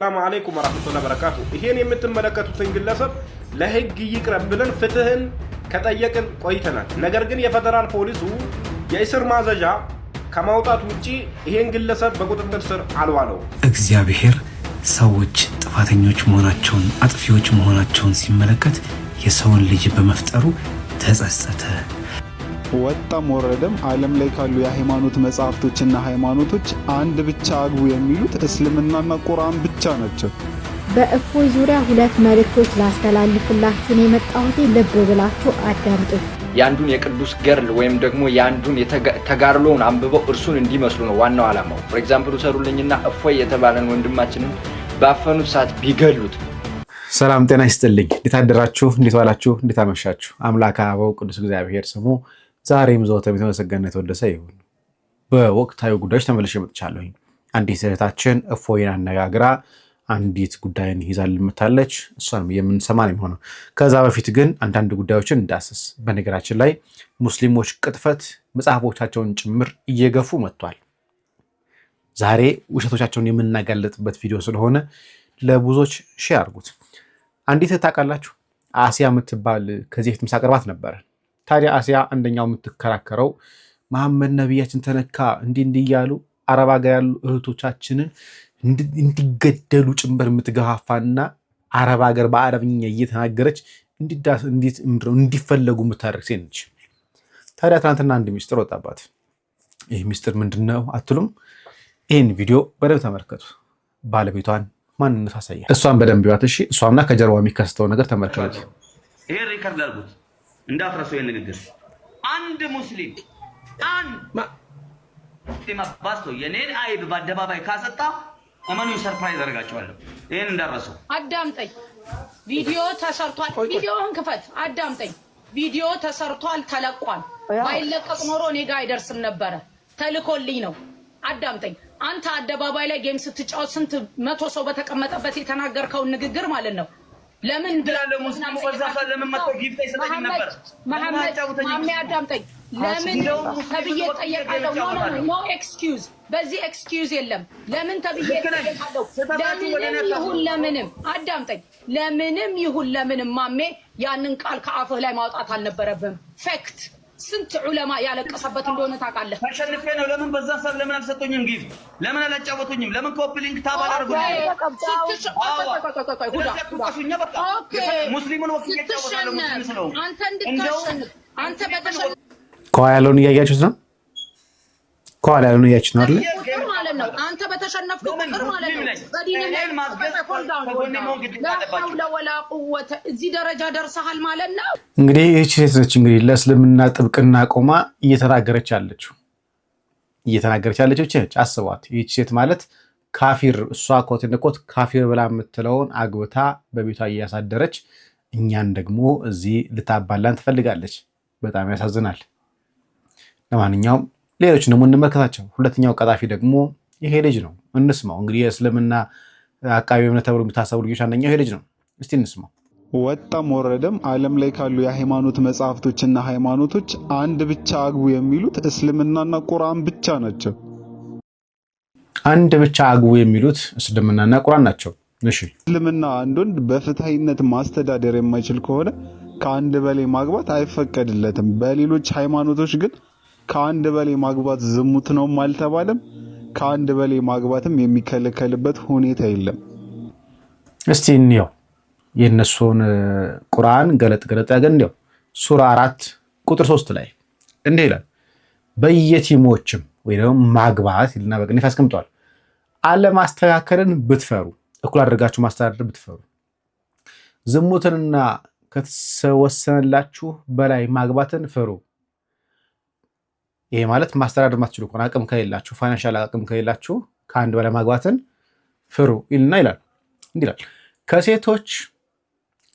ሰላም አለይኩም ወራህመቱላሂ ወበረካቱ። ይሄን የምትመለከቱትን ግለሰብ ለህግ ይቅረብ ብለን ፍትህን ከጠየቅን ቆይተናል። ነገር ግን የፌደራል ፖሊሱ የእስር ማዘዣ ከማውጣት ውጪ ይሄን ግለሰብ በቁጥጥር ስር አልዋለው። እግዚአብሔር ሰዎች ጥፋተኞች መሆናቸውን አጥፊዎች መሆናቸውን ሲመለከት የሰውን ልጅ በመፍጠሩ ተጸጸተ። ወጣም ወረደም ዓለም ላይ ካሉ የሃይማኖት መጽሐፍቶችና ሃይማኖቶች አንድ ብቻ አግቡ የሚሉት እስልምናና ቁርአን ብቻ ናቸው። በእፎይ ዙሪያ ሁለት መልእክቶች ላስተላልፍላችሁን የመጣሁት ልብ ብላችሁ አዳምጡ። የአንዱን የቅዱስ ገርል ወይም ደግሞ የአንዱን ተጋድሎውን አንብበው እርሱን እንዲመስሉ ነው ዋናው ዓላማው። ፎር ኤግዛምፕል ሰሩልኝና እፎይ የተባለን ወንድማችንን ባፈኑት ሰዓት ቢገሉት ሰላም ጤና ይስጥልኝ። እንዴት አደራችሁ? እንዴት ዋላችሁ? እንዴት አመሻችሁ? አምላከ አበው ቅዱስ እግዚአብሔር ስሙ ዛሬም ዘወትር የተመሰገነ የተወደሰ ይሁን። በወቅታዊ ጉዳዮች ተመልሼ መጥቻለሁኝ። አንዲት እህታችን እፎይን አነጋግራ አንዲት ጉዳይን ይዛ ልምታለች። እሷንም የምንሰማ ነው የሚሆነው። ከዛ በፊት ግን አንዳንድ ጉዳዮችን እንዳስስ። በነገራችን ላይ ሙስሊሞች ቅጥፈት መጽሐፎቻቸውን ጭምር እየገፉ መጥቷል። ዛሬ ውሸቶቻቸውን የምናጋለጥበት ቪዲዮ ስለሆነ ለብዙዎች ሼር አድርጉት። አንዲት ታውቃላችሁ፣ አሲያ የምትባል ከዚህ ፊት ምሳ ቅርባት ነበረን ታዲያ አሲያ አንደኛው የምትከራከረው መሐመድ ነቢያችን ተነካ እንዲህ እንዲህ እያሉ አረብ ሀገር ያሉ እህቶቻችንን እንዲገደሉ ጭምር የምትገፋፋና አረብ ሀገር በአረብኛ እየተናገረች እንዲፈለጉ የምታደርግ ሴት ነች። ታዲያ ትናንትና አንድ ሚስጥር ወጣባት። ይህ ሚስጥር ምንድን ነው አትሉም? ይህን ቪዲዮ በደንብ ተመልከቱ። ባለቤቷን ማንነት አሳያል። እሷን በደንብ ይዋት እሺ። እሷና ከጀርባ የሚከስተው ነገር ተመልከቱ። ይሄን ሪከርድ አድርጉት። እንዳትረሱ ንግግር አንድ ሙስሊም አንድ አባስ ነው የኔን አይብ በአደባባይ ካሰጣ እመኑ ሰርፕራይዝ አደርጋቸዋለሁ። ይሄን እንዳትረሱ። አዳምጠኝ። ቪዲዮ ተሰርቷል። ቪዲዮን ክፈት። አዳምጠኝ። ቪዲዮ ተሰርቷል፣ ተለቋል። ባይለቀቅ ኖሮ እኔ ጋር አይደርስም ነበረ። ተልኮልኝ ነው። አዳምጠኝ። አንተ አደባባይ ላይ ጌም ስትጫወት ስንት መቶ ሰው በተቀመጠበት የተናገርከውን ንግግር ማለት ነው ለምን ብላለ ለሙስሊሙ ወዛፋ ለምን መጥቶ ጊፍት አይሰጠኝም ነበር? መሐመድ ማሜ አዳምጠኝ። ለምን ተብዬ ጠየቃለሁ። ኖ ኖ ኖ ኤክስኪውዝ፣ በዚህ ኤክስኪውዝ የለም። ለምን ተብዬ ጠየቃለሁ። ለምንም ይሁን ለምንም፣ አዳምጠኝ። ለምንም ይሁን ለምንም ማሜ ያንን ቃል ከአፍህ ላይ ማውጣት አልነበረብህም። ፌክት ስንት ዑለማ ያለቀሰበት እንደሆነ ታውቃለህ። ተሸንፌ ነው። ለምን በዛ ሰብ ለምን አልሰጡኝም? ጊዜ ለምን አላጫወቱኝም? ለምን ኮፕሊንግ ታባላርጉ ሙስሊሙን ወክዬ እጫወታለሁ። ሙስሊም ስለሆንኩ ከኋላ ያለውን እያያችሁት ነው። ከኋላ ያለውን እያያችሁት ነው አይደል? ነው። አንተ በተሸነፍክ ቁጥር ማለት ነው ለሐውለ ወላ ቁወተ እዚህ ደረጃ ደርሰሃል ማለት ነው። እንግዲህ ይህች ሴት ነች እንግዲህ ለእስልምና ጥብቅና ቆማ እየተናገረች ያለችው እየተናገረች ያለችው ች አስቧት። ይህች ሴት ማለት ካፊር እሷ ኮትንኮት ካፊር ብላ የምትለውን አግብታ በቤቷ እያሳደረች እኛን ደግሞ እዚህ ልታባላን ትፈልጋለች። በጣም ያሳዝናል። ለማንኛውም ሌሎች ደግሞ እንመለከታቸው። ሁለተኛው ቀጣፊ ደግሞ ይሄ ልጅ ነው። እንስማው እንግዲህ የእስልምና አቃቢ እምነት ተብሎ የሚታሰቡ ልጆች አንደኛው ይሄ ልጅ ነው። እስቲ እንስማው። ወጣም ወረደም ዓለም ላይ ካሉ የሃይማኖት መጽሐፍቶችና ሃይማኖቶች አንድ ብቻ አግቡ የሚሉት እስልምናና ቁርአን ብቻ ናቸው። አንድ ብቻ አግቡ የሚሉት እስልምናና ቁርአን ናቸው። እስልምና አንድ ወንድ በፍትሐዊነት ማስተዳደር የማይችል ከሆነ ከአንድ በላይ ማግባት አይፈቀድለትም። በሌሎች ሃይማኖቶች ግን ከአንድ በላይ ማግባት ዝሙት ነውም አልተባለም ከአንድ በላይ ማግባትም የሚከለከልበት ሁኔታ የለም። እስቲ እንየው የእነሱን ቁርአን ገለጥ ገለጥ ያገን እንዲያው ሱራ አራት ቁጥር ሶስት ላይ እንዲህ ይላል በየቲሞችም ወይ ደግሞ ማግባት ይልና በቅንፍ ያስቀምጠዋል። አለማስተካከልን ብትፈሩ እኩል አድርጋችሁ ማስተዳደር ብትፈሩ ዝሙትንና ከተወሰነላችሁ በላይ ማግባትን ፍሩ። ይሄ ማለት ማስተዳደር ማትችሉ ከሆነ አቅም ከሌላችሁ ፋይናንሻል አቅም ከሌላችሁ ከአንድ በላይ ማግባትን ፍሩ ይልና ይላል። እንዲህ ይላል ከሴቶች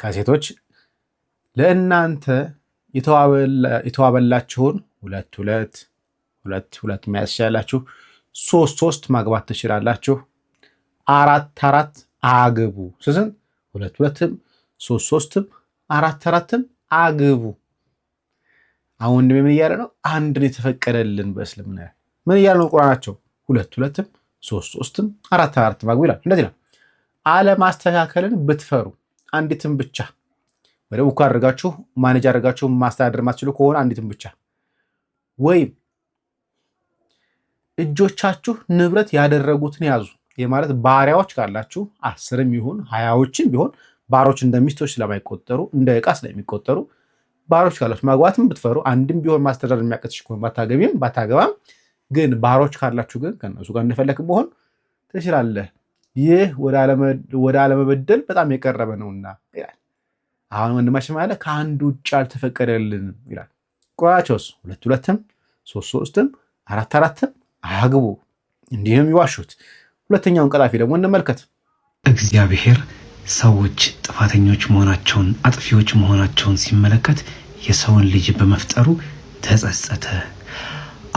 ከሴቶች ለእናንተ የተዋበላችሁን ሁለት ሁለት ሁለት ሁለት መያዝ ትችላላችሁ። ሶስት ሶስት ማግባት ትችላላችሁ። አራት አራት አግቡ ስስን ሁለት ሁለትም ሶስት ሶስትም አራት አራትም አግቡ አሁን ወንድሜ ምን እያለ ነው? አንድን የተፈቀደልን በእስልምና። ምን እያለ ነው ቁርአናቸው? ሁለት ሁለትም ሶስት ሶስትም አራት አራት ማግቡ ይላል። እንደዚህ ነው። አለማስተካከልን ብትፈሩ አንዲትም ብቻ ወደ ቡካ አድርጋችሁ ማኔጅ አድርጋችሁ ማስተዳደር ማትችሉ ከሆነ አንዲትም ብቻ ወይም እጆቻችሁ ንብረት ያደረጉትን ያዙ። ይህ ማለት ባሪያዎች ካላችሁ አስርም ይሁን ሀያዎችም ቢሆን ባሮች እንደሚስቶች ስለማይቆጠሩ እንደ ዕቃ ስለሚቆጠሩ ባህሮች ካላችሁ ማግባትም ብትፈሩ አንድም ቢሆን ማስተዳደር የሚያቀትሽ ከሆነ ባታገቢም ባታገባም ግን ባህሮች ካላችሁ ግን ከነሱ ጋር እንደፈለክ መሆን ትችላለህ። ይህ ወደ አለመበደል በጣም የቀረበ ነውና ይላል። አሁን ወንድማችን ማለ ከአንድ ውጭ አልተፈቀደልንም ይላል። ቆራቸውስ ሁለት ሁለትም ሶስት ሶስትም አራት አራትም አግቡ። እንዲህም ይዋሹት። ሁለተኛውን ቀጣፊ ደግሞ እንመልከት። እግዚአብሔር ሰዎች ጥፋተኞች መሆናቸውን አጥፊዎች መሆናቸውን ሲመለከት የሰውን ልጅ በመፍጠሩ ተጸጸተ።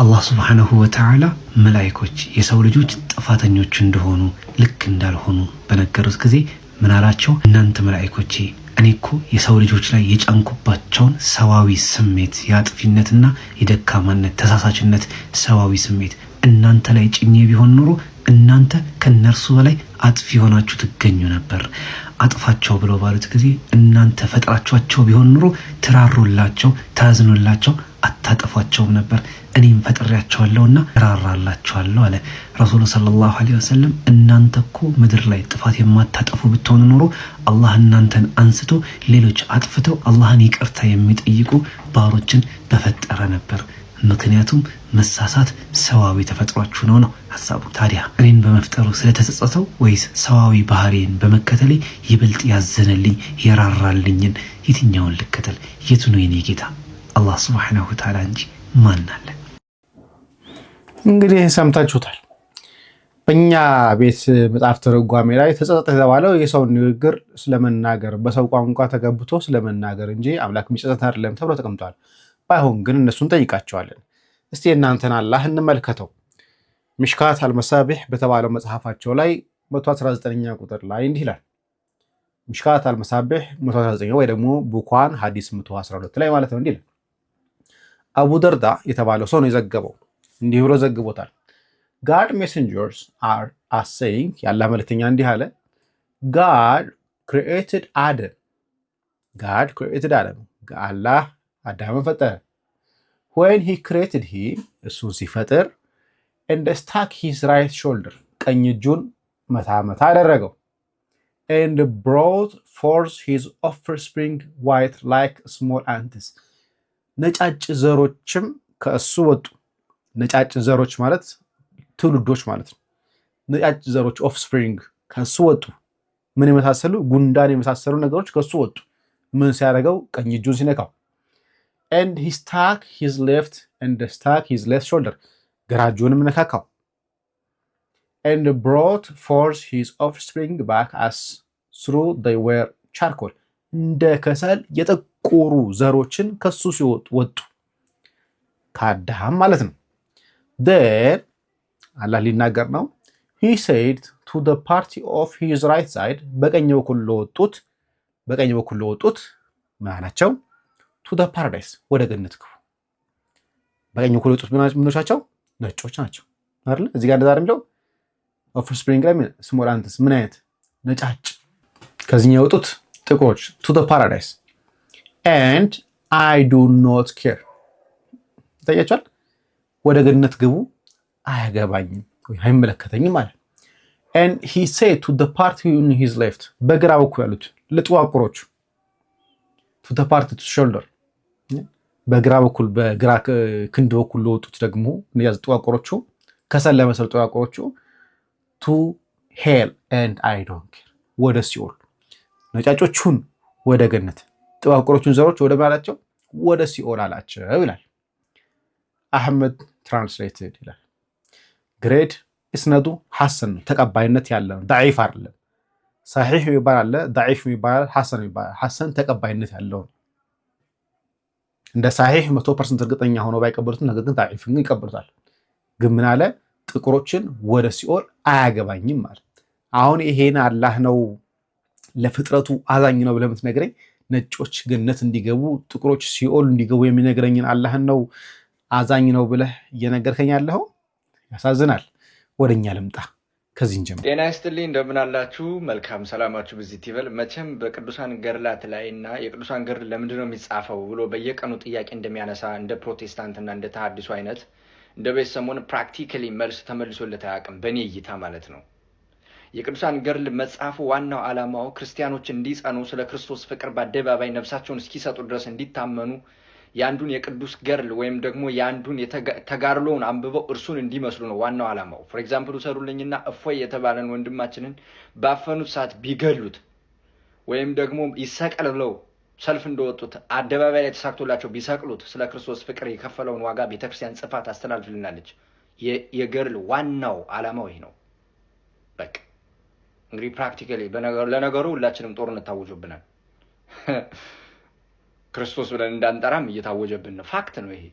አላህ ስብሓንሁ ወተዓላ መላይኮች የሰው ልጆች ጥፋተኞች እንደሆኑ ልክ እንዳልሆኑ በነገሩት ጊዜ ምን አላቸው? እናንተ መላይኮቼ እኔ እኮ የሰው ልጆች ላይ የጫንኩባቸውን ሰዋዊ ስሜት የአጥፊነትና የደካማነት ተሳሳችነት ሰዋዊ ስሜት እናንተ ላይ ጭኜ ቢሆን ኖሮ እናንተ ከነርሱ በላይ አጥፊ ሆናችሁ ትገኙ ነበር። አጥፋቸው ብለው ባሉት ጊዜ እናንተ ፈጥራችኋቸው ቢሆን ኑሮ ትራሩላቸው፣ ታዝኑላቸው፣ አታጠፏቸውም ነበር። እኔም ፈጥሬያቸዋለሁና ራራላቸዋለሁ አለ ረሱሉ ሰለላሁ ዐለይሂ ወሰለም። እናንተ እኮ ምድር ላይ ጥፋት የማታጠፉ ብትሆኑ ኑሮ አላህ እናንተን አንስቶ ሌሎች አጥፍተው አላህን ይቅርታ የሚጠይቁ ባሮችን በፈጠረ ነበር። ምክንያቱም መሳሳት ሰዋዊ ተፈጥሯችሁ ነው ነው ሀሳቡ። ታዲያ እኔን በመፍጠሩ ስለተጸጸተው ወይስ ሰዋዊ ባህሪን በመከተሌ ይበልጥ ያዘነልኝ የራራልኝን የትኛውን ልከተል? የቱ ነው የኔ ጌታ? አላህ ስብሓነሁ ተዓላ እንጂ ማናለ? እንግዲህ ሰምታችሁታል። በእኛ ቤት መጽሐፍ ተረጓሜ ላይ ተጸጸት የተባለው የሰውን ንግግር ስለመናገር በሰው ቋንቋ ተገብቶ ስለመናገር እንጂ አምላክ የሚጸጸት አይደለም ተብሎ ተቀምጧል። ባይሆን ግን እነሱን ጠይቃቸዋለን። እስቲ የእናንተን አላህ እንመልከተው። ሚሽካት አልመሳቢሕ በተባለው መጽሐፋቸው ላይ 119ኛ ቁጥር ላይ እንዲህ ይላል። ምሽካት አልመሳቢሕ 119 ወይ ደግሞ ቡኳን ሀዲስ 112 ላይ ማለት ነው። እንዲህ ይላል። አቡ ደርዳ የተባለው ሰው ነው የዘገበው። እንዲህ ብሎ ዘግቦታል። ጋድ ሜሰንጀርስ አር አሰይንግ ያለ መልክተኛ እንዲህ አለ። ጋድ ክሪኤትድ አደም ጋድ ክሪኤትድ አደም አላህ አዳምን ፈጠረ። ወን ሂ ክሬትድ ሂም እሱን ሲፈጥር እንደ ስታክ ሂስ ራይት ሾልደር ቀኝ እጁን መታ መታ አደረገው። ኤንድ ብሮት ፎርስ ሂዝ ኦፈር ስፕሪንግ ዋይት ላይክ ስሞል አንትስ ነጫጭ ዘሮችም ከእሱ ወጡ። ነጫጭ ዘሮች ማለት ትውልዶች ማለት ነው። ነጫጭ ዘሮች ኦፍ ስፕሪንግ ከእሱ ወጡ። ምን የመሳሰሉ ጉንዳን የመሳሰሉ ነገሮች ከእሱ ወጡ። ምን ሲያደርገው? ቀኝ እጁን ሲነካው ኤንድ ሂ ስታክ ሂዝ ሌፍት ኤንድ ስታክ ሂዝ ሌፍት ሾልደር ግራ እጁንም ነካካው። ኤንድ ብሮት ፎርስ ሂዝ ኦፍስፕሪንግ ባክ አስ ስሩ ዘይ ዌር ቻርኮል እንደ ከሰል የጠቆሩ ዘሮችን ከሱ ሲወጡ ከአዳም ማለት ነው። ዴን አላህ ሊናገር ነው። ሂ ሴድ ቱ ደ ፓርቲ ኦፍ ሂዝ ራይት ሳይድ በቀኝ በኩል ለወጡት በቀኝ በኩል ለወጡት ማናቸው ቱ ዘ ፓራዳይስ ወደ ገነት ግቡ። በቀኝ ኩል የወጡት ምኖቻቸው ነጮች ናቸው አይደለ? እዚህ ጋር እንደዛ የሚለው ኦፍር ስፕሪንግ ላይ ስሞል አንተስ ምን አይነት ነጫጭ ከዚህኛው የወጡት ጥቁሮች ቱ ዘ ፓራዳይስ ኤንድ አይ ዱ ኖት ኬር ይታያቸዋል። ወደ ገነት ግቡ፣ አያገባኝም ወይ አይመለከተኝም አለ። ኤንድ ሂ ሴድ ቱ ዘ ፓርቲ ኢን ሂዝ ሌፍት በግራ በኩል ያሉት ልጥዋቁሮቹ ቱ ዘ ፓርቲ ቱ ሾልደር በግራ በኩል በግራ ክንድ በኩል ለወጡት ደግሞ ያዝ ጠዋቆሮቹ ከሰል ለመሰል ጠዋቆሮቹ ቱ ሄል ኤንድ አይ ዶንት ኬር ወደ ሲኦል፣ ነጫጮቹን ወደ ገነት፣ ጠዋቆሮቹን ዘሮች ወደ ማላቸው ወደ ሲኦል አላቸው ይላል። አህመድ ትራንስሌትድ ይላል። ግሬድ እስነዱ ሐሰን ነው፣ ተቀባይነት ያለ ነው፣ ዳዒፍ አይደለም። ሰሒሕ የሚባል አለ፣ ዳዒፍ የሚባል ሐሰን የሚባል ሐሰን ተቀባይነት ያለው ነው። እንደ ሳሄህ መቶ ፐርሰንት እርግጠኛ ሆኖ ባይቀበሉትም፣ ነገር ግን ጣዒፍ ይቀበሉታል። ግን ምን አለ? ጥቁሮችን ወደ ሲኦል አያገባኝም አለ። አሁን ይሄን አላህ ነው ለፍጥረቱ አዛኝ ነው ብለምትነግረኝ የምትነግረኝ ነጮች ገነት እንዲገቡ ጥቁሮች ሲኦል እንዲገቡ የሚነግረኝን አላህን ነው አዛኝ ነው ብለህ እየነገርከኝ ያለኸው? ያሳዝናል። ወደኛ ልምጣ። ከዚህ እንጀምር። ጤና ይስጥልኝ፣ እንደምን አላችሁ? መልካም ሰላማችሁ ብዚት ይበል። መቼም በቅዱሳን ገድላት ላይ እና የቅዱሳን ገድል ለምንድን ነው የሚጻፈው ብሎ በየቀኑ ጥያቄ እንደሚያነሳ እንደ ፕሮቴስታንት እና እንደ ተሐድሶ አይነት እንደ ቤት ሰሞን ፕራክቲካሊ መልስ ተመልሶለት አያውቅም፣ በእኔ እይታ ማለት ነው። የቅዱሳን ገድል መጽሐፉ ዋናው ዓላማው ክርስቲያኖች እንዲጸኑ፣ ስለ ክርስቶስ ፍቅር በአደባባይ ነፍሳቸውን እስኪሰጡ ድረስ እንዲታመኑ የአንዱን የቅዱስ ገርል ወይም ደግሞ የአንዱን ተጋድሎውን አንብበው እርሱን እንዲመስሉ ነው ዋናው ዓላማው። ፎር ኤግዛምፕል ውሰዱልኝና እፎይ የተባለን ወንድማችንን ባፈኑት ሰዓት ቢገሉት ወይም ደግሞ ይሰቀልለው ሰልፍ እንደወጡት አደባባይ ላይ ተሳክቶላቸው ቢሰቅሉት ስለ ክርስቶስ ፍቅር የከፈለውን ዋጋ ቤተክርስቲያን ጽፋት አስተላልፍልናለች። የገርል ዋናው ዓላማው ይህ ነው። በቃ እንግዲህ ፕራክቲካሊ ለነገሩ ሁላችንም ጦርነት ታውጆብናል። ክርስቶስ ብለን እንዳንጠራም እየታወጀብን ነው። ፋክት ነው ይሄ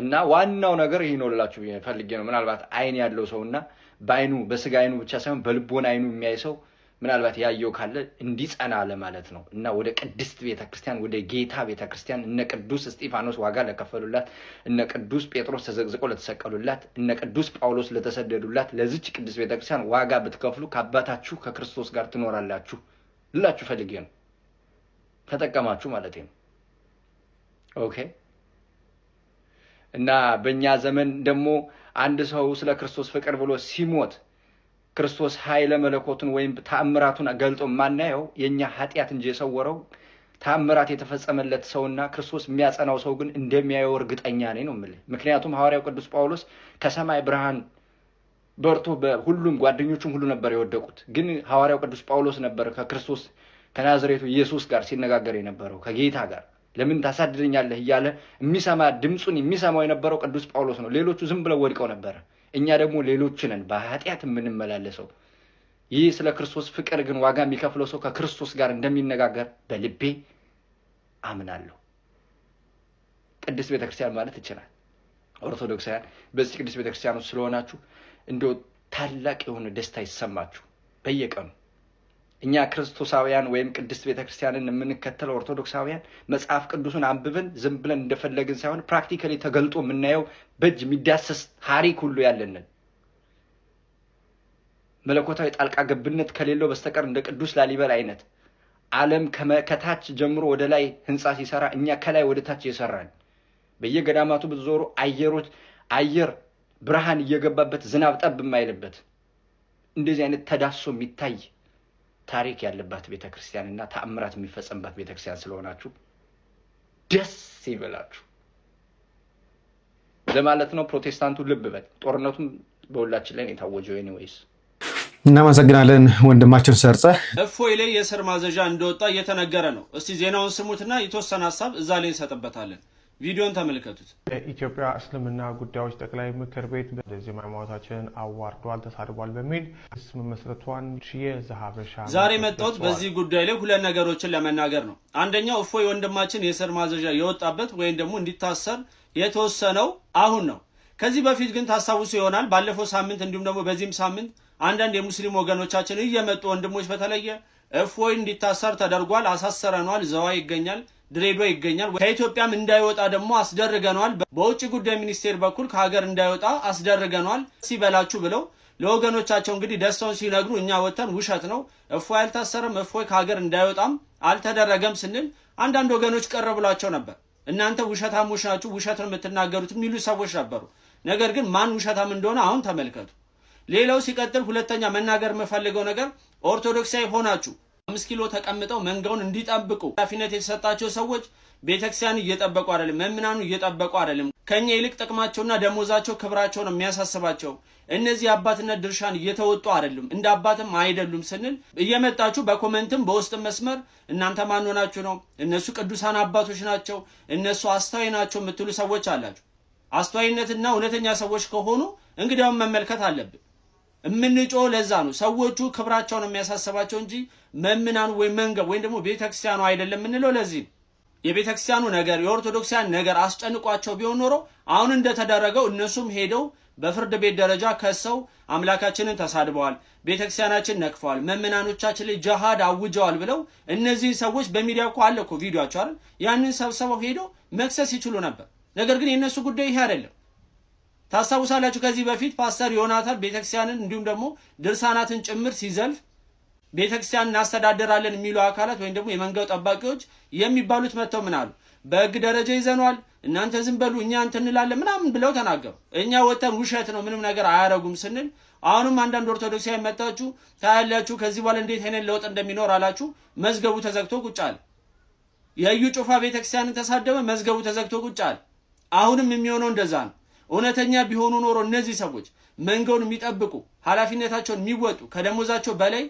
እና ዋናው ነገር ይህ ነው ልላችሁ ፈልጌ ነው። ምናልባት አይን ያለው ሰው እና በአይኑ በስጋ አይኑ ብቻ ሳይሆን በልቦን አይኑ የሚያይ ሰው ምናልባት ያየው ካለ እንዲጸና ለማለት ነው እና ወደ ቅድስት ቤተክርስቲያን ወደ ጌታ ቤተክርስቲያን እነ ቅዱስ እስጢፋኖስ ዋጋ ለከፈሉላት፣ እነ ቅዱስ ጴጥሮስ ተዘቅዝቆ ለተሰቀሉላት፣ እነ ቅዱስ ጳውሎስ ለተሰደዱላት ለዚች ቅድስት ቤተክርስቲያን ዋጋ ብትከፍሉ ከአባታችሁ ከክርስቶስ ጋር ትኖራላችሁ ልላችሁ ፈልጌ ነው። ተጠቀማችሁ ማለት ነው። ኦኬ እና በእኛ ዘመን ደግሞ አንድ ሰው ስለ ክርስቶስ ፍቅር ብሎ ሲሞት ክርስቶስ ኃይለ መለኮቱን ወይም ተአምራቱን ገልጦ የማናየው የእኛ ኃጢአት እንጂ የሰወረው ታምራት የተፈጸመለት ሰውና ክርስቶስ የሚያጸናው ሰው ግን እንደሚያየው እርግጠኛ ነኝ ነው የምልህ። ምክንያቱም ሐዋርያው ቅዱስ ጳውሎስ ከሰማይ ብርሃን በርቶ በሁሉም ጓደኞቹም ሁሉ ነበር የወደቁት፣ ግን ሐዋርያው ቅዱስ ጳውሎስ ነበር ከክርስቶስ ከናዝሬቱ ኢየሱስ ጋር ሲነጋገር የነበረው ከጌታ ጋር ለምን ታሳድደኛለህ እያለ የሚሰማ ድምፁን የሚሰማው የነበረው ቅዱስ ጳውሎስ ነው። ሌሎቹ ዝም ብለው ወድቀው ነበረ። እኛ ደግሞ ሌሎች ነን በኃጢአት የምንመላለሰው። ይህ ስለ ክርስቶስ ፍቅር ግን ዋጋ የሚከፍለው ሰው ከክርስቶስ ጋር እንደሚነጋገር በልቤ አምናለሁ። ቅድስት ቤተክርስቲያን ማለት ይችላል። ኦርቶዶክሳውያን በዚህ ቅድስት ቤተክርስቲያን ውስጥ ስለሆናችሁ እንደው ታላቅ የሆነ ደስታ ይሰማችሁ በየቀኑ እኛ ክርስቶሳውያን ወይም ቅድስት ቤተ ክርስቲያንን ኦርቶዶክሳውያን መጽሐፍ ቅዱሱን አንብበን ዝም ብለን እንደፈለግን ሳይሆን ፕራክቲካሊ ተገልጦ የምናየው በእጅ የሚዳሰስ ሀሪክ ሁሉ ያለንን መለኮታዊ ጣልቃ ገብነት ከሌለው በስተቀር እንደ ቅዱስ ላሊበል አይነት ዓለም ከታች ጀምሮ ወደ ላይ ህንፃ ሲሰራ እኛ ከላይ ወደ ታች የሰራን በየገዳማቱ ብትዞሩ አየሮች አየር ብርሃን እየገባበት ዝናብ ጠብ የማይልበት እንደዚህ አይነት ተዳሶ የሚታይ ታሪክ ያለባት ቤተ ክርስቲያን እና ተአምራት የሚፈጸምባት ቤተ ክርስቲያን ስለሆናችሁ ደስ ይበላችሁ ለማለት ነው። ፕሮቴስታንቱ ልብ በል። ጦርነቱም በሁላችን ላይ የታወጀው ኤኒዌይስ። እናመሰግናለን ወንድማችን ሰርጸ። እፎይ ላይ የእስር ማዘዣ እንደወጣ እየተነገረ ነው። እስቲ ዜናውን ስሙትና የተወሰነ ሀሳብ እዛ ላይ እንሰጥበታለን። ቪዲዮን ተመልከቱት። የኢትዮጵያ እስልምና ጉዳዮች ጠቅላይ ምክር ቤት እንደዚህም ሃይማኖታችንን አዋርዷል፣ ተሳድቧል በሚል ክስ መመስረቷን ሽየ ዘሀበሻ ዛሬ መጣሁት በዚህ ጉዳይ ላይ ሁለት ነገሮችን ለመናገር ነው። አንደኛው እፎ ወንድማችን የእስር ማዘዣ የወጣበት ወይም ደግሞ እንዲታሰር የተወሰነው አሁን ነው። ከዚህ በፊት ግን ታስታውሱ ይሆናል ባለፈው ሳምንት እንዲሁም ደግሞ በዚህም ሳምንት አንዳንድ የሙስሊም ወገኖቻችን እየመጡ ወንድሞች በተለየ እፎይ እንዲታሰር ተደርጓል፣ አሳሰረኗል፣ ዘዋ ይገኛል ድሬዳዋ ይገኛል። ከኢትዮጵያም እንዳይወጣ ደግሞ አስደርገነዋል። በውጭ ጉዳይ ሚኒስቴር በኩል ከሀገር እንዳይወጣ አስደርገነዋል። ሲበላችሁ ብለው ለወገኖቻቸው እንግዲህ ደስታውን ሲነግሩ እኛ ወተን ውሸት ነው እፎይ አልታሰረም፣ እፎይ ከሀገር እንዳይወጣም አልተደረገም ስንል አንዳንድ ወገኖች ቀረ ብሏቸው ነበር። እናንተ ውሸታሞች ናችሁ፣ ውሸት ነው የምትናገሩት የሚሉ ሰዎች ነበሩ። ነገር ግን ማን ውሸታም እንደሆነ አሁን ተመልከቱ። ሌላው ሲቀጥል፣ ሁለተኛ መናገር የምፈልገው ነገር ኦርቶዶክሳዊ ሆናችሁ አምስት ኪሎ ተቀምጠው መንጋውን እንዲጠብቁ ኃላፊነት የተሰጣቸው ሰዎች ቤተክርስቲያን እየጠበቁ አይደለም፣ መምናኑ እየጠበቁ አይደለም። ከኛ ይልቅ ጥቅማቸውና ደሞዛቸው ክብራቸው ነው የሚያሳስባቸው። እነዚህ አባትነት ድርሻን እየተወጡ አይደሉም፣ እንደ አባትም አይደሉም ስንል እየመጣችሁ በኮመንትም በውስጥ መስመር እናንተ ማን ሆናችሁ ነው እነሱ ቅዱሳን አባቶች ናቸው እነሱ አስተዋይ ናቸው የምትሉ ሰዎች አላችሁ። አስተዋይነትና እውነተኛ ሰዎች ከሆኑ እንግዲያውም መመልከት አለብን። የምንጮህ ለዛ ነው። ሰዎቹ ነው የሚያሳስባቸው እንጂ መምናኑ ወይም መንገብ ወይም ደግሞ ቤተክርስቲያኑ አይደለም የምንለው ለዚህ የቤተክርስቲያኑ ነገር የኦርቶዶክሳን ነገር አስጨንቋቸው ቢሆን ኖሮ አሁን እንደተደረገው እነሱም ሄደው በፍርድ ቤት ደረጃ ከሰው አምላካችንን ተሳድበዋል፣ ቤተክርስቲያናችን ነቅፈዋል፣ መምናኖቻችን ላይ ጀሃድ አውጀዋል ብለው እነዚህ ሰዎች በሚዲያ እኮ አለ እኮ ቪዲዮቸው አይደል? ያንን ሰብስበው ሄደው መክሰስ ይችሉ ነበር። ነገር ግን የእነሱ ጉዳይ ይሄ አይደለም። ታስታውሳላችሁ። ከዚህ በፊት ፓስተር ዮናታን ቤተክርስቲያንን እንዲሁም ደግሞ ድርሳናትን ጭምር ሲዘልፍ ቤተክርስቲያን እናስተዳደራለን የሚሉ አካላት ወይም ደግሞ የመንጋው ጠባቂዎች የሚባሉት መጥተው ምን አሉ? በህግ ደረጃ ይዘኗል፣ እናንተ ዝም በሉ፣ እኛ እንትን እንላለን ምናምን ብለው ተናገሩ። እኛ ወተን ውሸት ነው ምንም ነገር አያረጉም ስንል አሁንም አንዳንድ ኦርቶዶክሳዊ መጣችሁ ታያላችሁ፣ ከዚህ በኋላ እንዴት አይነት ለውጥ እንደሚኖር አላችሁ። መዝገቡ ተዘግቶ ቁጭ አለ። የእዩ ጩፋ ቤተክርስቲያንን ተሳደበ፣ መዝገቡ ተዘግቶ ቁጭ አለ። አሁንም የሚሆነው እንደዛ ነው። እውነተኛ ቢሆኑ ኖሮ እነዚህ ሰዎች መንገውን የሚጠብቁ ኃላፊነታቸውን የሚወጡ ከደሞዛቸው በላይ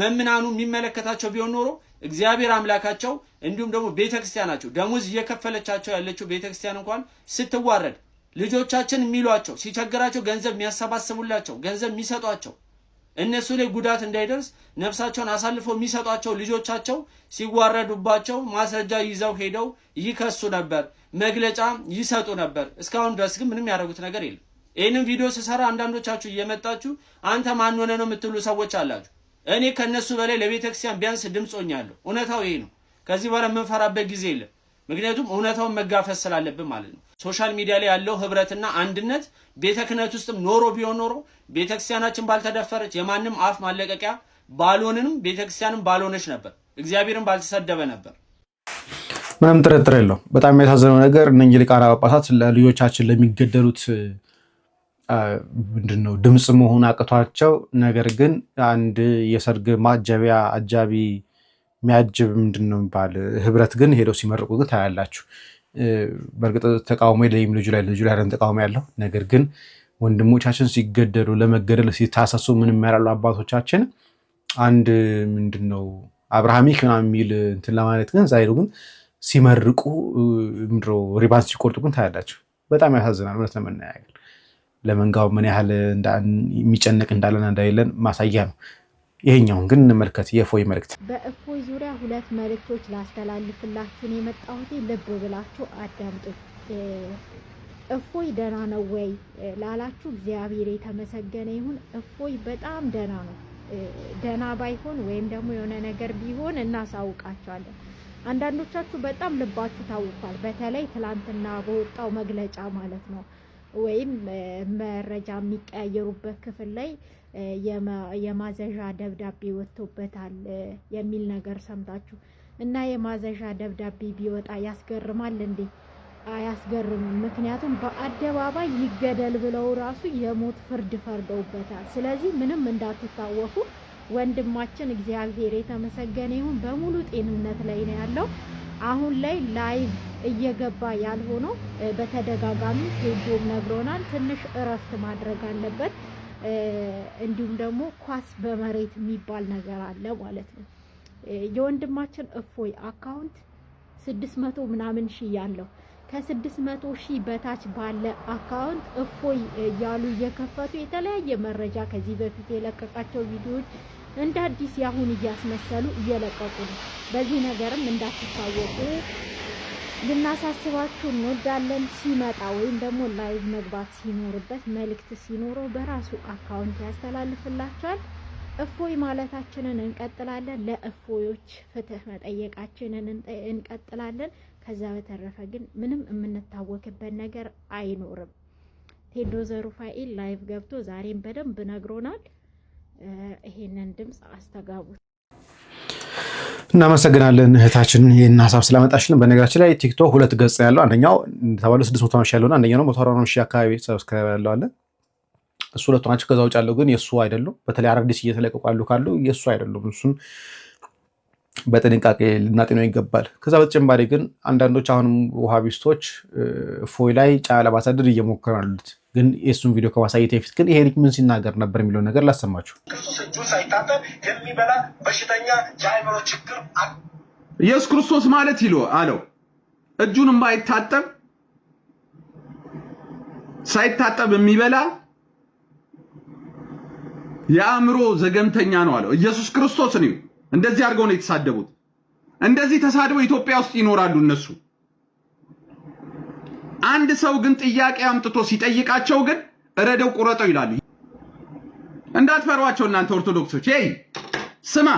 መምናኑ የሚመለከታቸው ቢሆን ኖሮ እግዚአብሔር አምላካቸው እንዲሁም ደግሞ ቤተክርስቲያናቸው ደሞዝ እየከፈለቻቸው ያለችው ቤተክርስቲያን እንኳን ስትዋረድ ልጆቻችን የሚሏቸው ሲቸግራቸው ገንዘብ የሚያሰባስቡላቸው ገንዘብ የሚሰጧቸው እነሱ ላይ ጉዳት እንዳይደርስ ነፍሳቸውን አሳልፈው የሚሰጧቸው ልጆቻቸው ሲዋረዱባቸው ማስረጃ ይዘው ሄደው ይከሱ ነበር። መግለጫ ይሰጡ ነበር። እስካሁን ድረስ ግን ምንም ያደረጉት ነገር የለም። ይህንን ቪዲዮ ስሰራ አንዳንዶቻችሁ እየመጣችሁ አንተ ማን ሆነ ነው የምትሉ ሰዎች አላችሁ። እኔ ከነሱ በላይ ለቤተክርስቲያን ቢያንስ ድምፅ ሆኛለሁ። እውነታው ይሄ ነው። ከዚህ በኋላ የምንፈራበት ጊዜ የለም። ምክንያቱም እውነታውን መጋፈስ ስላለብን ማለት ነው። ሶሻል ሚዲያ ላይ ያለው ህብረትና አንድነት ቤተ ክህነት ውስጥም ኖሮ ቢሆን ኖሮ ቤተክርስቲያናችን ባልተደፈረች፣ የማንም አፍ ማለቀቂያ ባልሆንንም፣ ቤተክርስቲያንም ባልሆነች ነበር፣ እግዚአብሔርን ባልተሰደበ ነበር። ምንም ጥርጥር የለው። በጣም የሚያሳዝነው ነገር እነኝህ ሊቃነ ጳጳሳት ለልጆቻችን ለሚገደሉት ምንድነው ድምፅ መሆን አቅቷቸው፣ ነገር ግን አንድ የሰርግ ማጀቢያ አጃቢ የሚያጅብ ምንድነው የሚባል ህብረት ግን ሄደው ሲመርቁ ግን ታያላችሁ። በእርግጥ ተቃውሞ የለኝም ልጁ ላይ ልጁ ላይ ተቃውሞ ያለው ነገር ግን ወንድሞቻችን ሲገደሉ ለመገደል ሲታሰሱ ምንም ያላሉ አባቶቻችን አንድ ምንድነው አብርሃሚክ ምናምን የሚል እንትን ለማለት ግን ዛይሉ ግን ሲመርቁ ምድሮ ሪባንስ ሲቆርጡ ግን ታያላቸው። በጣም ያሳዝናል። እውነት ለመናገር ለመንጋው ምን ያህል የሚጨነቅ እንዳለን እንደሌለን ማሳያ ነው። ይሄኛውን ግን እንመልከት። የእፎይ መልእክት በእፎይ ዙሪያ ሁለት መልእክቶች ላስተላልፍላችሁን የመጣሁት ልብ ብላችሁ አዳምጡ። እፎይ ደህና ነው ወይ ላላችሁ እግዚአብሔር የተመሰገነ ይሁን። እፎይ በጣም ደህና ነው። ደህና ባይሆን ወይም ደግሞ የሆነ ነገር ቢሆን እናሳውቃቸዋለን። አንዳንዶቻችሁ በጣም ልባችሁ ታውቋል። በተለይ ትላንትና በወጣው መግለጫ ማለት ነው ወይም መረጃ የሚቀያየሩበት ክፍል ላይ የማዘዣ ደብዳቤ ወጥቶበታል የሚል ነገር ሰምታችሁ እና የማዘዣ ደብዳቤ ቢወጣ ያስገርማል እንዴ? አያስገርምም። ምክንያቱም በአደባባይ ይገደል ብለው ራሱ የሞት ፍርድ ፈርደውበታል። ስለዚህ ምንም እንዳትታወቁ ወንድማችን እግዚአብሔር የተመሰገነ ይሁን በሙሉ ጤንነት ላይ ነው ያለው። አሁን ላይ ላይቭ እየገባ ያልሆነው በተደጋጋሚ ሄጆም ነግሮናል። ትንሽ እረፍት ማድረግ አለበት። እንዲሁም ደግሞ ኳስ በመሬት የሚባል ነገር አለ ማለት ነው። የወንድማችን እፎይ አካውንት ስድስት መቶ ምናምን ሺ ያለው ከ600 ሺህ በታች ባለ አካውንት እፎይ እያሉ እየከፈቱ የተለያየ መረጃ ከዚህ በፊት የለቀቃቸው ቪዲዮዎች እንደ አዲስ ያሁን እያስመሰሉ እየለቀቁ ነው። በዚህ ነገርም እንዳትታወቁ ልናሳስባችሁ እንወዳለን። ሲመጣ ወይም ደግሞ ላይቭ መግባት ሲኖርበት መልእክት ሲኖረው በራሱ አካውንት ያስተላልፍላቸዋል እፎይ ማለታችንን እንቀጥላለን። ለእፎዮች ፍትህ መጠየቃችንን እንቀጥላለን። ከዛ በተረፈ ግን ምንም የምንታወክበት ነገር አይኖርም። ቴዶ ዘሩፋኤል ላይቭ ገብቶ ዛሬም በደንብ ነግሮናል። ይሄንን ድምፅ አስተጋቡት። እናመሰግናለን እህታችን ይህን ሀሳብ ስላመጣችልን። በነገራችን ላይ ቲክቶክ ሁለት ገጽ ያለው አንደኛው ተባለ ስድስት መቶ ሺ ያለሆነ አንደኛው ነው መቶ አርባ ሺ አካባቢ ሰብስክራይብ ያለዋለን። እሱ ሁለቱ ናቸው። ከዛ ውጭ ያለው ግን የእሱ አይደሉም። በተለይ አዳዲስ እየተለቀቁ ያሉ ካሉ የእሱ አይደሉም። እሱን በጥንቃቄ ልናጤነው ይገባል። ከዛ በተጨማሪ ግን አንዳንዶች አሁንም ውሃቢስቶች ፎይ ላይ ጫና ለማሳደር እየሞከሩ ያሉት ግን የእሱን ቪዲዮ ከማሳየት በፊት ግን ይሄ ልጅ ምን ሲናገር ነበር የሚለውን ነገር ላሰማችሁ። ክርስቶስ እጁ ሳይታጠብ የሚበላ በሽተኛ የአይምሮ ችግር ኢየሱስ ክርስቶስ ማለት ይሉ አለው እጁንም ባይታጠብ ሳይታጠብ የሚበላ የአእምሮ ዘገምተኛ ነው አለው። ኢየሱስ ክርስቶስ ነው። እንደዚህ አድርገው ነው የተሳደቡት። እንደዚህ ተሳድበው ኢትዮጵያ ውስጥ ይኖራሉ እነሱ። አንድ ሰው ግን ጥያቄ አምጥቶ ሲጠይቃቸው ግን እረደው ቁረጠው ይላሉ። እንዳትፈሯቸው እናንተ ኦርቶዶክሶች። ይ ስማ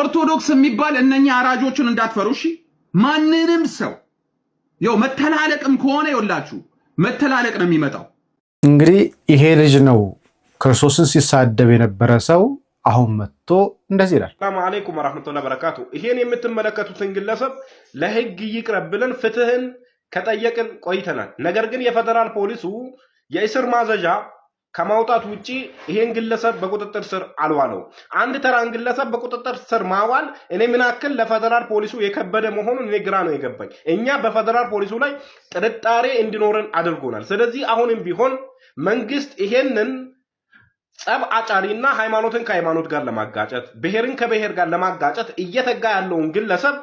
ኦርቶዶክስ የሚባል እነኛ አራጆቹን እንዳትፈሩ እሺ። ማንንም ሰው ያው መተላለቅም ከሆነ ይወላችሁ መተላለቅ ነው የሚመጣው። እንግዲህ ይሄ ልጅ ነው ክርስቶስን ሲሳደብ የነበረ ሰው አሁን መጥቶ እንደዚህ ይላል። ሰላም አለይኩም ወራህመቱላሂ ወበረካቱ። ይሄን የምትመለከቱትን ግለሰብ ለህግ ይቅረብ ብለን ፍትህን ከጠየቅን ቆይተናል። ነገር ግን የፌደራል ፖሊሱ የእስር ማዘዣ ከማውጣት ውጪ ይሄን ግለሰብ በቁጥጥር ስር አልዋለው። አንድ ተራን ግለሰብ በቁጥጥር ስር ማዋል እኔ ምን ያክል ለፌደራል ፖሊሱ የከበደ መሆኑን እኔ ግራ ነው የገባኝ። እኛ በፌደራል ፖሊሱ ላይ ጥርጣሬ እንዲኖረን አድርጎናል። ስለዚህ አሁንም ቢሆን መንግስት ይሄንን ጸብ አጫሪና ሃይማኖትን ከሃይማኖት ጋር ለማጋጨት ብሔርን ከብሔር ጋር ለማጋጨት እየተጋ ያለውን ግለሰብ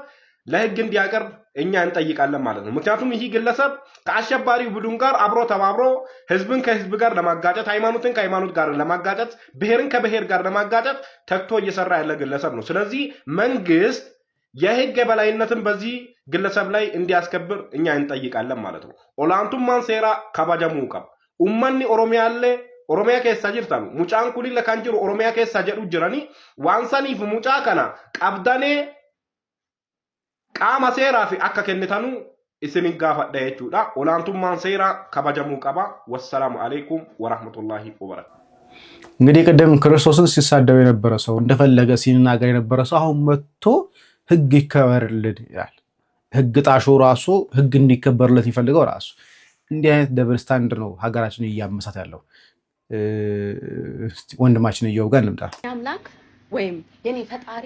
ለህግ እንዲያቀርብ እኛ እንጠይቃለን ማለት ነው። ምክንያቱም ይህ ግለሰብ ከአሸባሪው ቡድን ጋር አብሮ ተባብሮ ህዝብን ከህዝብ ጋር ለማጋጨት፣ ሃይማኖትን ከሃይማኖት ጋር ለማጋጨት፣ ብሔርን ከብሔር ጋር ለማጋጨት ተግቶ እየሰራ ያለ ግለሰብ ነው። ስለዚህ መንግስት የህግ የበላይነትን በዚህ ግለሰብ ላይ እንዲያስከብር እኛ እንጠይቃለን ማለት ነው። ኦላንቱማን ሴራ ካባጀሙ ቀብ ኡመኒ ኦሮሚያሌ Oromiyaa keessa jirtan mucaan kunilla kan jiru Oromiyaa keessa jedhu jirani waan saniif mucaa kana qabdanee qaama seeraa fi akka kennitanuu isinin gaafadha jechuudha. Olaantummaan seeraa kabajamuu qaba. Wassalaamu alaikum warahmatullahi wabarakatuh. እንግዲህ ቅድም ክርስቶስን ሲሳደብ የነበረ ሰው እንደፈለገ ሲናገር የነበረ ሰው አሁን መጥቶ ሕግ ይከበርልን ይላል። ሕግ ጣሹ ራሱ ሕግ እንዲከበርለት የሚፈልገው ራሱ እንዲህ አይነት ደብል ስታንድ ነው ሀገራችን እያመሳት ያለው። ወንድማችን እየው ጋር ልምጣ። አምላክ ወይም የኔ ፈጣሪ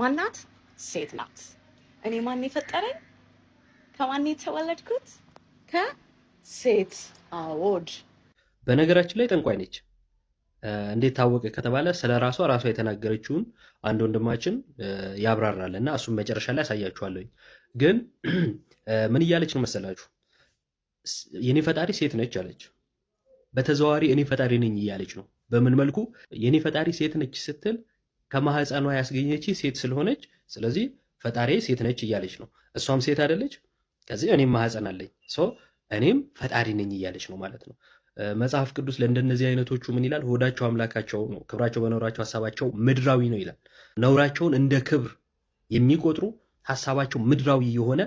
ማናት? ሴት ናት። እኔ ማን የፈጠረኝ? ከማን የተወለድኩት? ከሴት አዎድ። በነገራችን ላይ ጠንቋይ ነች። እንዴት ታወቀ ከተባለ ስለ ራሷ ራሷ የተናገረችውን አንድ ወንድማችን ያብራራል እና እሱም መጨረሻ ላይ ያሳያችኋለኝ። ግን ምን እያለች ነው መሰላችሁ? የኔ ፈጣሪ ሴት ነች አለች። በተዘዋዋሪ እኔ ፈጣሪ ነኝ እያለች ነው። በምን መልኩ የእኔ ፈጣሪ ሴት ነች ስትል ከማህፀኗ ያስገኘች ሴት ስለሆነች፣ ስለዚህ ፈጣሪ ሴት ነች እያለች ነው። እሷም ሴት አይደለች? ከዚህ እኔም ማህፀን አለኝ፣ እኔም ፈጣሪ ነኝ እያለች ነው ማለት ነው። መጽሐፍ ቅዱስ ለእንደነዚህ አይነቶቹ ምን ይላል? ሆዳቸው አምላካቸው ነው፣ ክብራቸው በነውራቸው ሀሳባቸው ምድራዊ ነው ይላል። ነውራቸውን እንደ ክብር የሚቆጥሩ ሀሳባቸው ምድራዊ የሆነ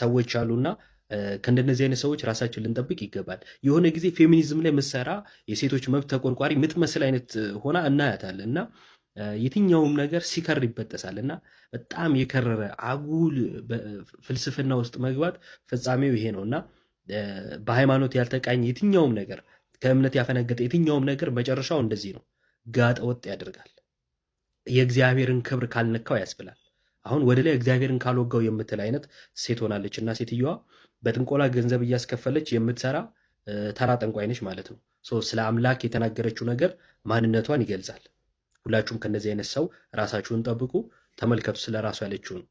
ሰዎች አሉና ከእንደነዚህ አይነት ሰዎች ራሳችን ልንጠብቅ ይገባል። የሆነ ጊዜ ፌሚኒዝም ላይ ምሰራ የሴቶች መብት ተቆርቋሪ ምትመስል አይነት ሆና እናያታለን እና የትኛውም ነገር ሲከር ይበጠሳል እና በጣም የከረረ አጉል ፍልስፍና ውስጥ መግባት ፍጻሜው ይሄ ነው እና በሃይማኖት ያልተቃኝ የትኛውም ነገር ከእምነት ያፈነገጠ የትኛውም ነገር መጨረሻው እንደዚህ ነው፣ ጋጠ ወጥ ያደርጋል። የእግዚአብሔርን ክብር ካልነካው ያስብላል። አሁን ወደ ላይ እግዚአብሔርን ካልወጋው የምትል አይነት ሴት ሆናለች። እና ሴትዮዋ በጥንቆላ ገንዘብ እያስከፈለች የምትሰራ ተራ ጠንቋይ ነች ማለት ነው። ስለ አምላክ የተናገረችው ነገር ማንነቷን ይገልጻል። ሁላችሁም ከእነዚህ አይነት ሰው ራሳችሁን ጠብቁ። ተመልከቱ ስለ ራሱ ያለችው ነው።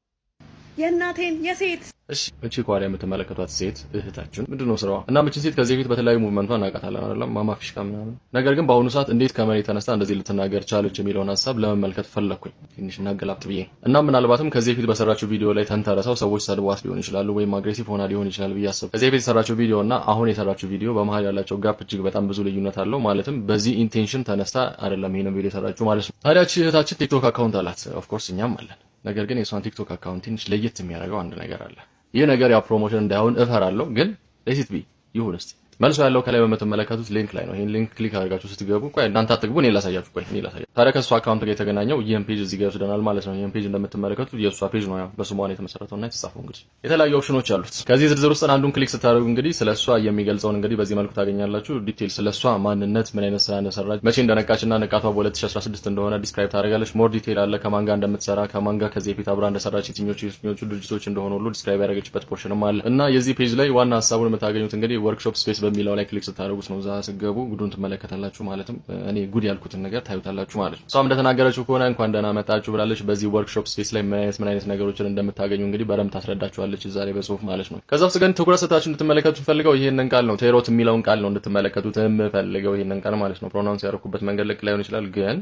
የእናቴን የሴት እሺ እቺ ኳሪያ የምትመለከቷት ሴት እህታችን ምንድን ነው ስራዋ? እና ምችን ሴት ከዚህ በፊት በተለያዩ ሙቭመንቷ እናውቃታለን አይደለም? ማማ ፊሽካ ምናምን። ነገር ግን በአሁኑ ሰዓት እንዴት ከመሬት ተነስታ እንደዚህ ልትናገር ቻለች የሚለውን ሀሳብ ለመመልከት ፈለግኩኝ ትንሽ እናገላብጥ ብዬ እና ምናልባትም ከዚህ በፊት በሰራችው ቪዲዮ ላይ ተንተረሰው ሰዎች ሰድቧት ሊሆን ይችላሉ፣ ወይም አግሬሲቭ ሆና ሊሆን ይችላል ብዬ አስብ። ከዚህ በፊት የሰራችው ቪዲዮ እና አሁን የሰራችው ቪዲዮ በመሀል ያላቸው ጋፕ እጅግ በጣም ብዙ ልዩነት አለው። ማለትም በዚህ ኢንቴንሽን ተነስታ አይደለም ይሄንን ቪዲዮ የሰራችው ማለት ነው። ታዲያች እህታችን ቲክቶክ አካውንት አላት። ኦፍኮርስ እኛም አለን ነገር ግን የእሷን ቲክቶክ አካውንት ትንሽ ለየት የሚያደርገው አንድ ነገር አለ። ይህ ነገር ያው ፕሮሞሽን እንዳይሆን እፈራለሁ፣ ግን ሌሲት ቢ ይሁን እስቲ መልሶ ያለው ከላይ በምትመለከቱት ሊንክ ላይ ነው። ይሄን ሊንክ ክሊክ አድርጋችሁ ስትገቡ፣ ቆይ እናንተ አትግቡ፣ እኔ ላሳያችሁ። ቆይ እኔ ላሳያችሁ። ታዲያ ከእሷ አካውንት ጋር የተገናኘው ይህን ፔጅ እዚህ ጋር ይወስደናል ማለት ነው። ይህን ፔጅ እንደምትመለከቱት የእሷ ፔጅ ነው፣ በስሟ ነው የተመሰረተው እና የተጻፈው። እንግዲህ የተለያዩ ኦፕሽኖች አሉት። ከዚህ ዝርዝር ውስጥ አንዱን ክሊክ ስታደርጉ እንግዲህ ስለ እሷ የሚገልጸውን እንግዲህ በዚህ መልኩ ታገኛላችሁ። ዲቴል ስለ እሷ ማንነት፣ ምን አይነት ስራ እንደሰራች፣ መቼ እንደነቃችና ንቃቷ በ2016 እንደሆነ ዲስክራይብ ታደርጋለች። ሞር ዲቴል አለ፣ ከማን ጋር እንደምትሰራ፣ ከማን ጋር ከዚህ በፊት አብራ እንደሰራች፣ የትኞቹ የትኞቹ ድርጅቶች እንደሆኑ ሁሉ ዲስክራይብ ያደረገችበት ፖርሽንም አለ እና የዚህ ፔጅ ላይ ዋና ሀሳቡን የምታገኙት እንግዲህ ወርክሾፕ ስፔስ በሚለው ላይ ክሊክ ስታደርጉት ነው እዛ ስገቡ ጉዱን ትመለከታላችሁ። ማለትም እኔ ጉድ ያልኩትን ነገር ታዩታላችሁ ማለት ነው። እሷም እንደተናገረችው ከሆነ እንኳን ደህና መጣችሁ ብላለች። በዚህ ወርክሾፕ ስፔስ ላይ ምን አይነት ምን አይነት ነገሮችን እንደምታገኙ እንግዲህ በደንብ ታስረዳችኋለች እዛ ላይ በጽሁፍ ማለት ነው። ከዛ ውስጥ ግን ትኩረት ስታችሁ እንድትመለከቱ ፈልገው ይህንን ቃል ነው ቴሮት የሚለውን ቃል ነው እንድትመለከቱት የምፈልገው ይህንን ቃል ማለት ነው። ፕሮናውንስ ያደረኩበት መንገድ ልክ ላይሆን ይችላል፣ ግን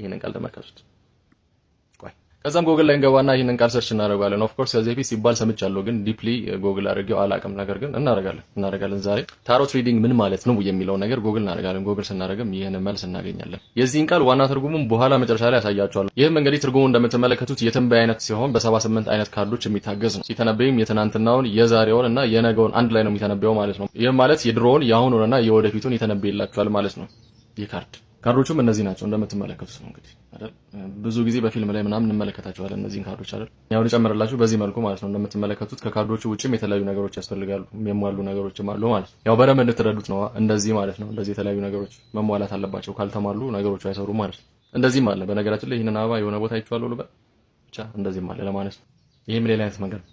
ይህንን ቃል ተመልከቱት። ከዛም ጎግል ላይ እንገባና ይህንን ቃል ሰርች እናደርገዋለን። ኦፍ ኮርስ ከዚህ በፊት ሲባል ሰምቻለሁ፣ ግን ዲፕሊ ጎግል አድርጌው አላቅም ነገር ግን እናደርጋለን እናደርጋለን ዛሬ ታሮት ሪዲንግ ምን ማለት ነው የሚለው ነገር ጎግል እናደርጋለን። ጎግል ስናደርግም ይህን መልስ እናገኛለን። የዚህን ቃል ዋና ትርጉሙም በኋላ መጨረሻ ላይ ያሳያቸዋለሁ። ይህም እንግዲህ ትርጉሙ እንደምትመለከቱት የትንበያ አይነት ሲሆን በ78 አይነት ካርዶች የሚታገዝ ነው። ሲተነበይም የትናንትናውን የዛሬውን እና የነገውን አንድ ላይ ነው የሚተነበየው ማለት ነው። ይህም ማለት የድሮውን የአሁኑንና የወደፊቱን የተነበይላቸዋል ማለት ነው ይህ ካርድ ካርዶቹም እነዚህ ናቸው እንደምትመለከቱት ነው እንግዲህ አይደል። ብዙ ጊዜ በፊልም ላይ ምናምን እንመለከታቸዋለን እነዚህን ካርዶች አይደል። ያው ልጨምርላችሁ በዚህ መልኩ ማለት ነው እንደምትመለከቱት። ከካርዶቹ ውጭም የተለያዩ ነገሮች ያስፈልጋሉ የሚሟሉ ነገሮችም አሉ ማለት ነው። ያው በደንብ እንድትረዱት ነው እንደዚህ ማለት ነው። እንደዚህ የተለያዩ ነገሮች መሟላት አለባቸው፣ ካልተሟሉ ነገሮቹ አይሰሩም ማለት ነው። እንደዚህም አለ በነገራችን ላይ ይህንን አበባ የሆነ ቦታ አይቼዋለሁ ልበል ብቻ እንደዚህም አለ ለማለት ነው። ይህም ሌላ አይነት መንገድ ነው።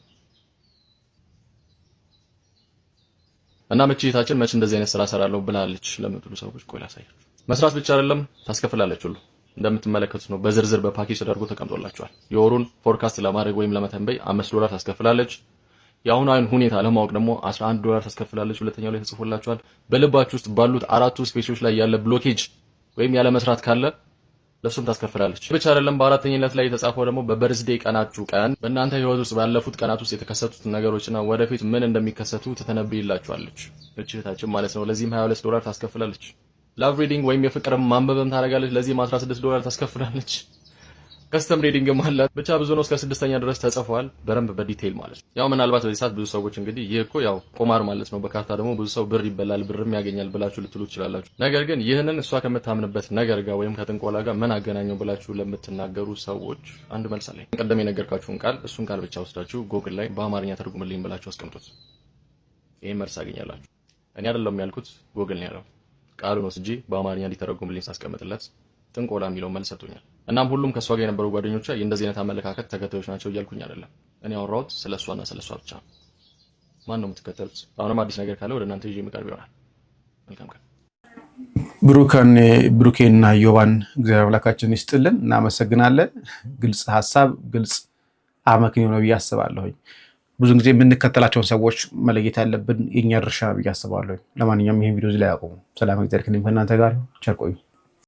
እና መቼ እህታችን መቼ እንደዚህ አይነት ስራ እሰራለሁ ብላለች ለምትሉ ሰዎች ቆይ ላሳያችሁ። መስራት ብቻ አይደለም ታስከፍላለች ሁሉ እንደምትመለከቱ ነው። በዝርዝር በፓኬጅ ተደርጎ ተቀምጦላችኋል። የወሩን ፎርካስት ለማድረግ ወይም ለመተንበይ አምስት ዶላር ታስከፍላለች። አይን ሁኔታ ለማወቅ ደግሞ 11 ዶላር ታስከፍላለች። ሁለተኛው ላይ ተጽፎላችኋል። በልባችሁ ውስጥ ባሉት አራቱ ስፔሶች ላይ ያለ ብሎኬጅ ወይም ያለ መስራት ካለ ለሱም ታስከፍላለች። ብቻ አይደለም በአራተኝነት ላይ የተጻፈው ደግሞ በበርዝዴ ቀናችሁ ቀን በእናንተ ህይወት ውስጥ ባለፉት ቀናት ውስጥ የተከሰቱት ነገሮችና ወደፊት ምን እንደሚከሰቱ ትተነብይላችኋለች እህታችን ማለት ነው። ለዚህም 22 ዶላር ታስከፍላለች። ላቭ ሪዲንግ ወይም የፍቅር ማንበብም ታደርጋለች። ለዚህም 16 ዶላር ታስከፍላለች። ከስተም ሪዲንግም አላት። ብቻ ብዙ ነው። እስከ ስድስተኛ ድረስ ተጽፏል በደንብ በዲቴይል ማለት ነው። ያው ምናልባት በዚህ ሰዓት ብዙ ሰዎች እንግዲህ ይህ እኮ ያው ቁማር ማለት ነው፣ በካርታ ደግሞ ብዙ ሰው ብር ይበላል ብርም ያገኛል ብላችሁ ልትሉ ትችላላችሁ። ነገር ግን ይህንን እሷ ከምታምንበት ነገር ጋር ወይም ከጥንቆላ ጋር ምን አገናኘው ብላችሁ ለምትናገሩ ሰዎች አንድ መልስ አለኝ። ቀደም የነገርካችሁን ቃል እሱን ቃል ብቻ ወስዳችሁ ጎግል ላይ በአማርኛ ተርጉምልኝ ብላችሁ አስቀምጡት። ይህን መልስ አገኛላችሁ። እኔ አይደለም ያልኩት፣ ጎግል ነው ያለው። ቃሉን ወስጄ በአማርኛ እንዲተረጉምልኝ ሳስቀምጥለት ጥንቆላ የሚለው መልስ ሰጥቶኛል። እናም ሁሉም ከእሷ ጋር የነበሩ ጓደኞቿ የእንደዚህ አይነት አመለካከት ተከታዮች ናቸው እያልኩኝ አይደለም። እኔ አወራሁት ስለ እሷና ስለ እሷ ብቻ ነው። ማን ነው የምትከተሉት? አሁንም አዲስ ነገር ካለ ወደ እናንተ ይዤ የምቀርብ ይሆናል። መልካም ቀን። ብሩከን ብሩኬና ዮባን እግዚአብሔር አምላካችን ይስጥልን። እናመሰግናለን። ግልጽ ሀሳብ፣ ግልጽ አመክንዮ ነው ብዬ አስባለሁኝ። ብዙ ጊዜ የምንከተላቸውን ሰዎች መለየት ያለብን የእኛ ድርሻ ብዬ አስባለሁ። ለማንኛውም ይህን ቪዲዮ ላይ ያቆሙ። ሰላም፣ እግዚአብሔር ከእናንተ ጋር ቸር ቆዩ።